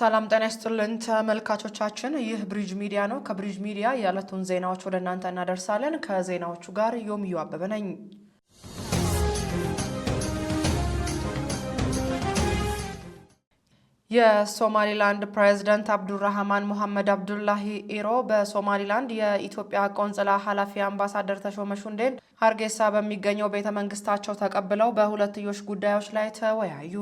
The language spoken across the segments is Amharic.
ሰላም ጤና ይስጥልን ተመልካቾቻችን፣ ይህ ብሪጅ ሚዲያ ነው። ከብሪጅ ሚዲያ የዕለቱን ዜናዎች ወደ እናንተ እናደርሳለን። ከዜናዎቹ ጋር ዮምዩ አበበ ነኝ። የሶማሊላንድ ፕሬዝዳንት አብዱራህማን ሙሐመድ አብዱላሂ ኢሮ በሶማሊላንድ የኢትዮጵያ ቆንጽላ ኃላፊ አምባሳደር ተሾመ ሹንዴን ሀርጌሳ በሚገኘው ቤተ መንግስታቸው ተቀብለው በሁለትዮሽ ጉዳዮች ላይ ተወያዩ።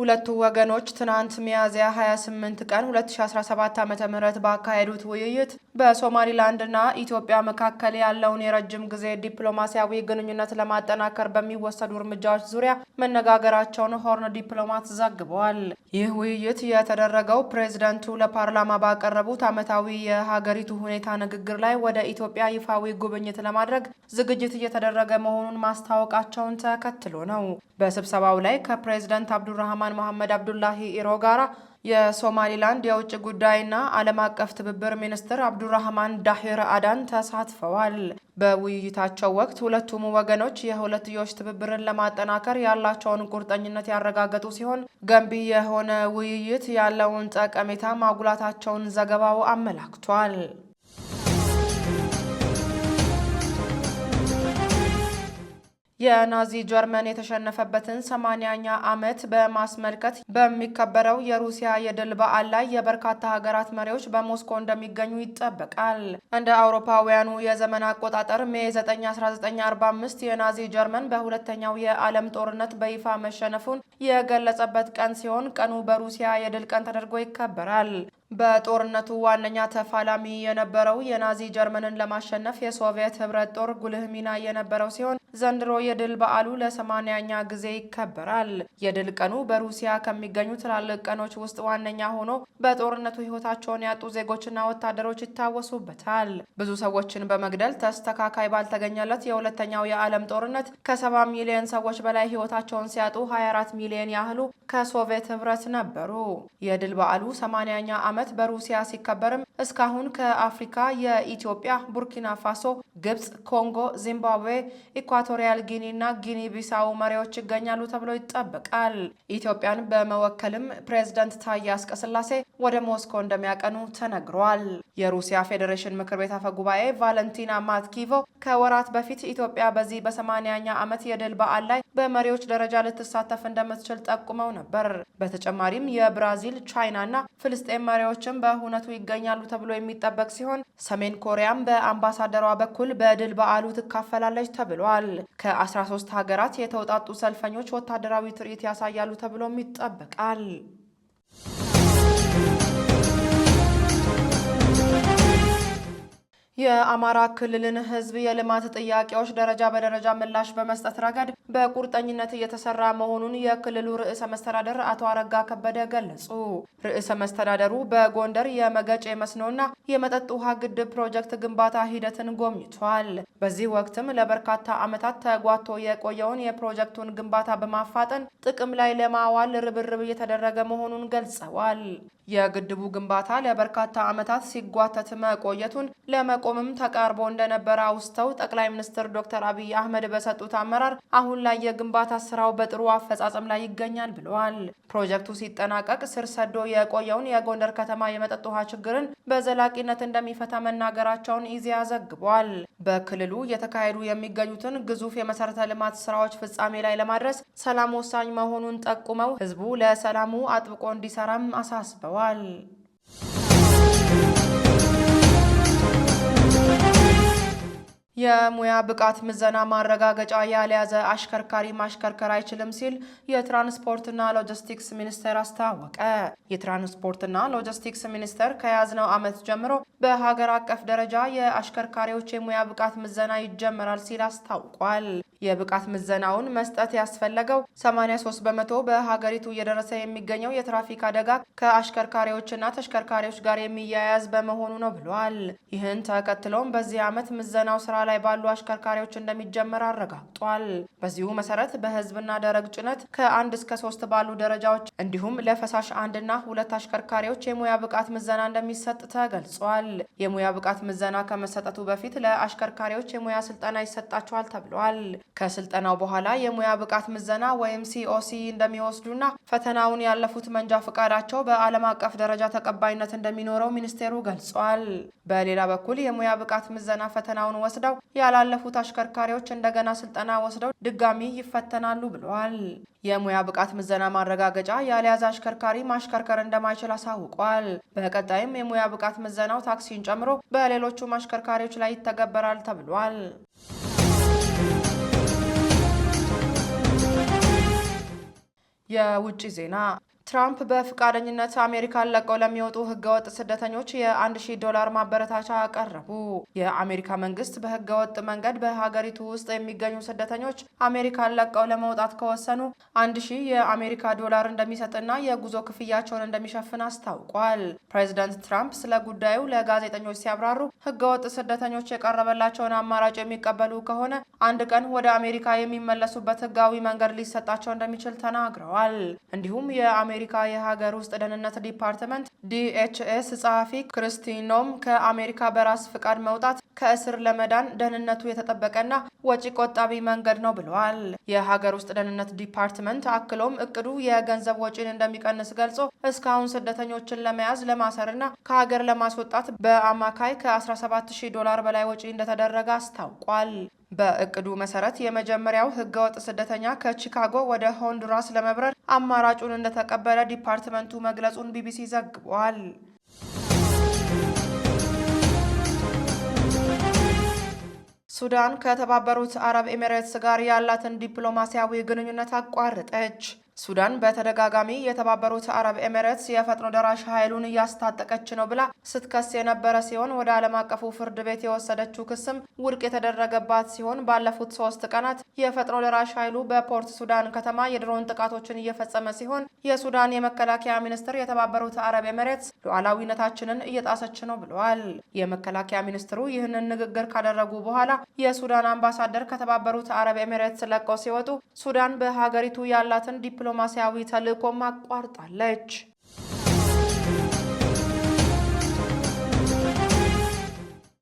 ሁለቱ ወገኖች ትናንት ሚያዝያ 28 ቀን 2017 ዓ ም ባካሄዱት ውይይት በሶማሊላንድና ኢትዮጵያ መካከል ያለውን የረጅም ጊዜ ዲፕሎማሲያዊ ግንኙነት ለማጠናከር በሚወሰዱ እርምጃዎች ዙሪያ መነጋገራቸውን ሆርን ዲፕሎማት ዘግበዋል። ይህ ውይይት የተደረገው ፕሬዝደንቱ ለፓርላማ ባቀረቡት ዓመታዊ የሀገሪቱ ሁኔታ ንግግር ላይ ወደ ኢትዮጵያ ይፋዊ ጉብኝት ለማድረግ ዝግጅት እየተደረገ መሆኑን ማስታወቃቸውን ተከትሎ ነው። በስብሰባው ላይ ከፕሬዝደንት አብዱራህማን ሱልጣን መሐመድ አብዱላሂ ኢሮ ጋራ የሶማሊላንድ የውጭ ጉዳይና ዓለም አቀፍ ትብብር ሚኒስትር አብዱራህማን ዳሂር አዳን ተሳትፈዋል። በውይይታቸው ወቅት ሁለቱም ወገኖች የሁለትዮሽ ትብብርን ለማጠናከር ያላቸውን ቁርጠኝነት ያረጋገጡ ሲሆን ገንቢ የሆነ ውይይት ያለውን ጠቀሜታ ማጉላታቸውን ዘገባው አመላክቷል። የናዚ ጀርመን የተሸነፈበትን ሰማንያኛ ዓመት በማስመልከት በሚከበረው የሩሲያ የድል በዓል ላይ የበርካታ ሀገራት መሪዎች በሞስኮ እንደሚገኙ ይጠበቃል። እንደ አውሮፓውያኑ የዘመን አቆጣጠር ሜ 9 1945 የናዚ ጀርመን በሁለተኛው የዓለም ጦርነት በይፋ መሸነፉን የገለጸበት ቀን ሲሆን ቀኑ በሩሲያ የድል ቀን ተደርጎ ይከበራል። በጦርነቱ ዋነኛ ተፋላሚ የነበረው የናዚ ጀርመንን ለማሸነፍ የሶቪየት ህብረት ጦር ጉልህ ሚና የነበረው ሲሆን ዘንድሮ የድል በዓሉ ለሰማንያኛ ጊዜ ይከበራል። የድል ቀኑ በሩሲያ ከሚገኙ ትላልቅ ቀኖች ውስጥ ዋነኛ ሆኖ በጦርነቱ ህይወታቸውን ያጡ ዜጎችና ወታደሮች ይታወሱበታል። ብዙ ሰዎችን በመግደል ተስተካካይ ባልተገኘለት የሁለተኛው የዓለም ጦርነት ከሰባ ሚሊዮን ሰዎች በላይ ህይወታቸውን ሲያጡ 24 ሚሊዮን ያህሉ ከሶቪየት ህብረት ነበሩ። የድል በዓሉ ሰማንያኛ ዓመት ዓመት በሩሲያ ሲከበርም እስካሁን ከአፍሪካ የኢትዮጵያ፣ ቡርኪና ፋሶ፣ ግብጽ፣ ኮንጎ፣ ዚምባብዌ፣ ኢኳቶሪያል ጊኒ እና ጊኒ ቢሳው መሪዎች ይገኛሉ ተብሎ ይጠበቃል። ኢትዮጵያን በመወከልም ፕሬዝዳንት ታዬ አጽቀሥላሴ ወደ ሞስኮ እንደሚያቀኑ ተነግሯል። የሩሲያ ፌዴሬሽን ምክር ቤት አፈ ጉባኤ ቫለንቲና ማትኪቮ ከወራት በፊት ኢትዮጵያ በዚህ በ8ኛ ዓመት የድል በዓል ላይ በመሪዎች ደረጃ ልትሳተፍ እንደምትችል ጠቁመው ነበር። በተጨማሪም የብራዚል ቻይና እና ፍልስጤን መሪዎች ጉዳዮችም በሁነቱ ይገኛሉ ተብሎ የሚጠበቅ ሲሆን ሰሜን ኮሪያም በአምባሳደሯ በኩል በድል በዓሉ ትካፈላለች ተብሏል። ከ13 ሀገራት የተውጣጡ ሰልፈኞች ወታደራዊ ትርኢት ያሳያሉ ተብሎም ይጠበቃል። የአማራ ክልልን ሕዝብ የልማት ጥያቄዎች ደረጃ በደረጃ ምላሽ በመስጠት ረገድ በቁርጠኝነት እየተሰራ መሆኑን የክልሉ ርዕሰ መስተዳደር አቶ አረጋ ከበደ ገለጹ። ርዕሰ መስተዳደሩ በጎንደር የመገጭ የመስኖና የመጠጥ ውሃ ግድብ ፕሮጀክት ግንባታ ሂደትን ጎብኝቷል። በዚህ ወቅትም ለበርካታ ዓመታት ተጓቶ የቆየውን የፕሮጀክቱን ግንባታ በማፋጠን ጥቅም ላይ ለማዋል ርብርብ እየተደረገ መሆኑን ገልጸዋል። የግድቡ ግንባታ ለበርካታ ዓመታት ሲጓተት መቆየቱን ለመቆ ለማቆምም ተቃርቦ እንደነበረ አውስተው ጠቅላይ ሚኒስትር ዶክተር አብይ አህመድ በሰጡት አመራር አሁን ላይ የግንባታ ስራው በጥሩ አፈጻጸም ላይ ይገኛል ብለዋል። ፕሮጀክቱ ሲጠናቀቅ ስር ሰዶ የቆየውን የጎንደር ከተማ የመጠጥ ውሃ ችግርን በዘላቂነት እንደሚፈታ መናገራቸውን ኢዜአ ዘግቧል። በክልሉ እየተካሄዱ የሚገኙትን ግዙፍ የመሰረተ ልማት ስራዎች ፍጻሜ ላይ ለማድረስ ሰላም ወሳኝ መሆኑን ጠቁመው ህዝቡ ለሰላሙ አጥብቆ እንዲሰራም አሳስበዋል። የሙያ ብቃት ምዘና ማረጋገጫ ያልያዘ አሽከርካሪ ማሽከርከር አይችልም ሲል የትራንስፖርትና ሎጂስቲክስ ሚኒስቴር አስታወቀ። የትራንስፖርትና ሎጂስቲክስ ሚኒስቴር ከያዝነው ዓመት ጀምሮ በሀገር አቀፍ ደረጃ የአሽከርካሪዎች የሙያ ብቃት ምዘና ይጀመራል ሲል አስታውቋል። የብቃት ምዘናውን መስጠት ያስፈለገው 83 በመቶ በሀገሪቱ እየደረሰ የሚገኘው የትራፊክ አደጋ ከአሽከርካሪዎችና ተሽከርካሪዎች ጋር የሚያያዝ በመሆኑ ነው ብለዋል። ይህን ተከትሎም በዚህ ዓመት ምዘናው ስራ ላይ ባሉ አሽከርካሪዎች እንደሚጀመር አረጋግጧል። በዚሁ መሰረት በህዝብና ደረግ ጭነት ከአንድ እስከ ሶስት ባሉ ደረጃዎች እንዲሁም ለፈሳሽ አንድና ሁለት አሽከርካሪዎች የሙያ ብቃት ምዘና እንደሚሰጥ ተገልጿል። የሙያ ብቃት ምዘና ከመሰጠቱ በፊት ለአሽከርካሪዎች የሙያ ስልጠና ይሰጣቸዋል ተብሏል። ከስልጠናው በኋላ የሙያ ብቃት ምዘና ወይም ሲኦሲ እንደሚወስዱና ፈተናውን ያለፉት መንጃ ፈቃዳቸው በዓለም አቀፍ ደረጃ ተቀባይነት እንደሚኖረው ሚኒስቴሩ ገልጿል። በሌላ በኩል የሙያ ብቃት ምዘና ፈተናውን ወስደው ያላለፉት አሽከርካሪዎች እንደገና ስልጠና ወስደው ድጋሚ ይፈተናሉ ብለዋል። የሙያ ብቃት ምዘና ማረጋገጫ ያልያዘ አሽከርካሪ ማሽከርከር እንደማይችል አሳውቋል። በቀጣይም የሙያ ብቃት ምዘናው ታክሲን ጨምሮ በሌሎቹ ማሽከርካሪዎች ላይ ይተገበራል ተብሏል። የውጭ ዜና ትራምፕ በፍቃደኝነት አሜሪካን ለቀው ለሚወጡ ህገወጥ ስደተኞች የአንድ ሺህ ዶላር ማበረታቻ አቀረቡ። የአሜሪካ መንግስት በህገወጥ መንገድ በሀገሪቱ ውስጥ የሚገኙ ስደተኞች አሜሪካን ለቀው ለመውጣት ከወሰኑ አንድ ሺህ የአሜሪካ ዶላር እንደሚሰጥና የጉዞ ክፍያቸውን እንደሚሸፍን አስታውቋል። ፕሬዚደንት ትራምፕ ስለ ጉዳዩ ለጋዜጠኞች ሲያብራሩ ህገወጥ ስደተኞች የቀረበላቸውን አማራጭ የሚቀበሉ ከሆነ አንድ ቀን ወደ አሜሪካ የሚመለሱበት ህጋዊ መንገድ ሊሰጣቸው እንደሚችል ተናግረዋል። እንዲሁም የአሜሪካ የሀገር ውስጥ ደህንነት ዲፓርትመንት ዲኤችኤስ ጸሐፊ ክርስቲኖም ከአሜሪካ በራስ ፍቃድ መውጣት ከእስር ለመዳን ደህንነቱ የተጠበቀና ወጪ ቆጣቢ መንገድ ነው ብለዋል። የሀገር ውስጥ ደህንነት ዲፓርትመንት አክሎም እቅዱ የገንዘብ ወጪን እንደሚቀንስ ገልጾ እስካሁን ስደተኞችን ለመያዝ ለማሰርና ከሀገር ለማስወጣት በአማካይ ከ17 ዶላር በላይ ወጪ እንደተደረገ አስታውቋል። በእቅዱ መሰረት የመጀመሪያው ህገወጥ ስደተኛ ከቺካጎ ወደ ሆንዱራስ ለመብረር አማራጩን እንደተቀበለ ዲፓርትመንቱ መግለጹን ቢቢሲ ዘግቧል። ሱዳን ከተባበሩት አረብ ኤሚሬትስ ጋር ያላትን ዲፕሎማሲያዊ ግንኙነት አቋርጠች። ሱዳን በተደጋጋሚ የተባበሩት አረብ ኤሜሬትስ የፈጥኖ ደራሽ ኃይሉን እያስታጠቀች ነው ብላ ስትከስ የነበረ ሲሆን ወደ ዓለም አቀፉ ፍርድ ቤት የወሰደችው ክስም ውድቅ የተደረገባት ሲሆን ባለፉት ሶስት ቀናት የፈጥኖ ደራሽ ኃይሉ በፖርት ሱዳን ከተማ የድሮን ጥቃቶችን እየፈጸመ ሲሆን የሱዳን የመከላከያ ሚኒስትር የተባበሩት አረብ ኤሜሬትስ ሉዓላዊነታችንን እየጣሰች ነው ብለዋል። የመከላከያ ሚኒስትሩ ይህንን ንግግር ካደረጉ በኋላ የሱዳን አምባሳደር ከተባበሩት አረብ ኤሜሬትስ ለቀው ሲወጡ ሱዳን በሀገሪቱ ያላትን ዲፕሎ ዲፕሎማሲያዊ ተልዕኮም አቋርጣለች።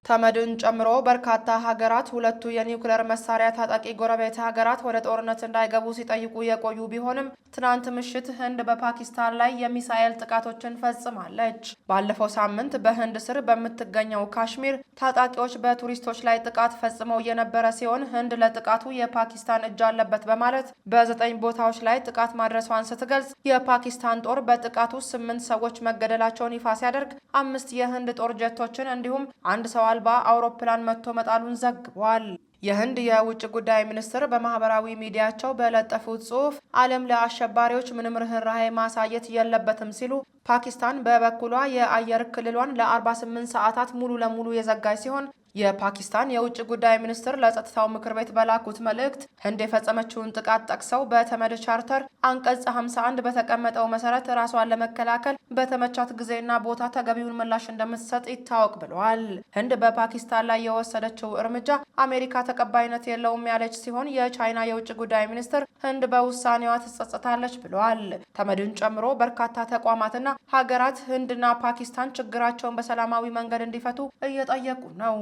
ተመድን ጨምሮ በርካታ ሀገራት ሁለቱ የኒውክሌር መሳሪያ ታጣቂ ጎረቤት ሀገራት ወደ ጦርነት እንዳይገቡ ሲጠይቁ የቆዩ ቢሆንም ትናንት ምሽት ህንድ በፓኪስታን ላይ የሚሳኤል ጥቃቶችን ፈጽማለች። ባለፈው ሳምንት በህንድ ስር በምትገኘው ካሽሚር ታጣቂዎች በቱሪስቶች ላይ ጥቃት ፈጽመው የነበረ ሲሆን ህንድ ለጥቃቱ የፓኪስታን እጅ አለበት በማለት በዘጠኝ ቦታዎች ላይ ጥቃት ማድረሷን ስትገልጽ የፓኪስታን ጦር በጥቃቱ ስምንት ሰዎች መገደላቸውን ይፋ ሲያደርግ አምስት የህንድ ጦር ጀቶችን እንዲሁም አንድ ሰው አልባ አውሮፕላን መጥቶ መጣሉን ዘግቧል። የህንድ የውጭ ጉዳይ ሚኒስትር በማህበራዊ ሚዲያቸው በለጠፉት ጽሑፍ ዓለም ለአሸባሪዎች ምንም ርኅራኄ ማሳየት የለበትም ሲሉ ፓኪስታን በበኩሏ የአየር ክልሏን ለ48 ሰዓታት ሙሉ ለሙሉ የዘጋች ሲሆን የፓኪስታን የውጭ ጉዳይ ሚኒስትር ለጸጥታው ምክር ቤት በላኩት መልእክት ህንድ የፈጸመችውን ጥቃት ጠቅሰው በተመድ ቻርተር አንቀጽ 51 በተቀመጠው መሰረት ራሷን ለመከላከል በተመቻት ጊዜና ቦታ ተገቢውን ምላሽ እንደምትሰጥ ይታወቅ ብለዋል። ህንድ በፓኪስታን ላይ የወሰደችው እርምጃ አሜሪካ ተቀባይነት የለውም ያለች ሲሆን የቻይና የውጭ ጉዳይ ሚኒስትር ህንድ በውሳኔዋ ትጸጸታለች ብለዋል። ተመድን ጨምሮ በርካታ ተቋማትና ሀገራት ህንድና ፓኪስታን ችግራቸውን በሰላማዊ መንገድ እንዲፈቱ እየጠየቁ ነው።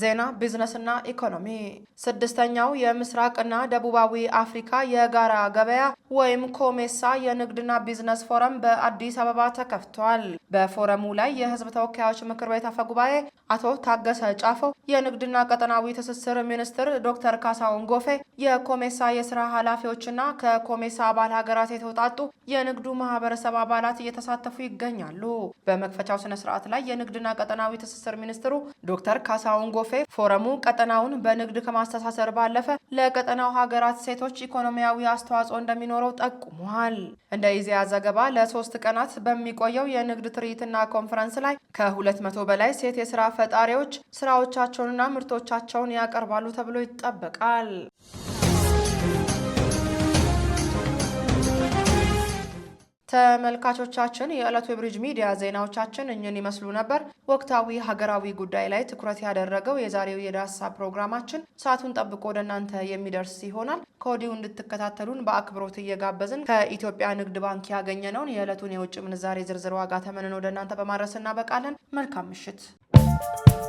ዜና ቢዝነስና ኢኮኖሚ። ስድስተኛው የምስራቅና ደቡባዊ አፍሪካ የጋራ ገበያ ወይም ኮሜሳ የንግድና ቢዝነስ ፎረም በአዲስ አበባ ተከፍቷል። በፎረሙ ላይ የሕዝብ ተወካዮች ምክር ቤት አፈ ጉባኤ አቶ ታገሰ ጫፎ፣ የንግድና ቀጠናዊ ትስስር ሚኒስትር ዶክተር ካሳሁን ጎፌ፣ የኮሜሳ የስራ ኃላፊዎችና ከኮሜሳ አባል ሀገራት የተውጣጡ የንግዱ ማህበረሰብ አባላት እየተሳተፉ ይገኛሉ። በመክፈቻው ስነ ስርዓት ላይ የንግድና ቀጠናዊ ትስስር ሚኒስትሩ ዶክተር ካሳሁን ጎ ጎፌ ፎረሙ ቀጠናውን በንግድ ከማስተሳሰር ባለፈ ለቀጠናው ሀገራት ሴቶች ኢኮኖሚያዊ አስተዋጽኦ እንደሚኖረው ጠቁመዋል። እንደ ኢዜአ ዘገባ ለሶስት ቀናት በሚቆየው የንግድ ትርኢትና ኮንፈረንስ ላይ ከሁለት መቶ በላይ ሴት የስራ ፈጣሪዎች ስራዎቻቸውንና ምርቶቻቸውን ያቀርባሉ ተብሎ ይጠበቃል። ተመልካቾቻችን የዕለቱ የብሪጅ ሚዲያ ዜናዎቻችን እኝን ይመስሉ ነበር። ወቅታዊ ሀገራዊ ጉዳይ ላይ ትኩረት ያደረገው የዛሬው የዳሰሳ ፕሮግራማችን ሰዓቱን ጠብቆ ወደ እናንተ የሚደርስ ይሆናል። ከወዲሁ እንድትከታተሉን በአክብሮት እየጋበዝን ከኢትዮጵያ ንግድ ባንክ ያገኘነውን የዕለቱን የውጭ ምንዛሬ ዝርዝር ዋጋ ተመንን ወደ እናንተ በማድረስ እናበቃለን። መልካም ምሽት።